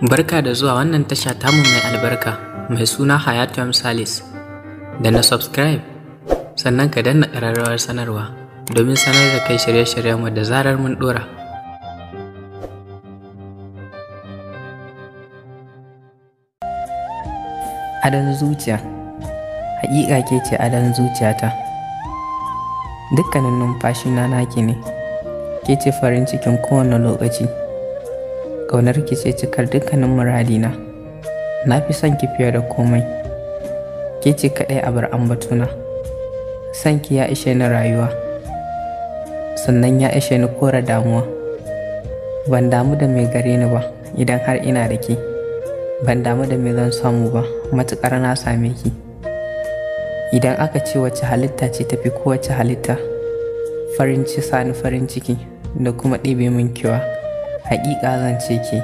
Barka da zuwa wannan tasha tamu mai albarka mai suna Hayatu Salis. Da na subscribe, sannan ka danna ƙararrawar sanarwa domin sanar da kai shirye-shiryenmu da zarar mun ɗora. Adon zuciya Haƙiƙa ke ce adon zuciyata. Dukkanin numfashina naki ne, ke ce farin cikin kowane lokaci. ƙaunar ki ce cikar dukkanin muradina na fi son ki fiye da komai ke ce kaɗai a bar ambatuna son ki ya ishe ni rayuwa sannan ya ishe ni kora damuwa ban damu da mai gare ni ba idan har ina da ke ban damu da mai zan samu ba matuƙar na same ki idan aka ce wace halitta ce tafi kowace halitta farin ci sani farin ciki da kuma ɗebe min kewa haƙiƙa zan ce ke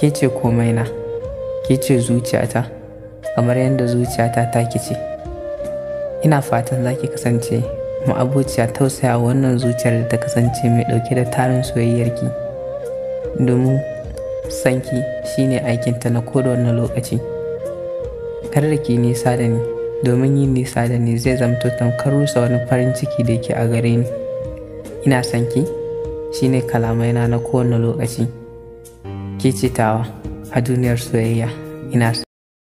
ke ce komai na ke ce zuciyata kamar yadda zuciyata ta ki ce ina fatan za ki kasance ma'abuciya tausaya wannan zuciyar da ta kasance mai ɗauke da tarin soyayyarki domin sanki shine aikinta na wani lokaci kar da ki nisa da ni domin yin nisa da ni zai zamto tamkar rusa wani farin ciki da ke a gare ni ina sanki ki shine kalamaina na kowane lokaci ke citawa a duniyar soyayya ina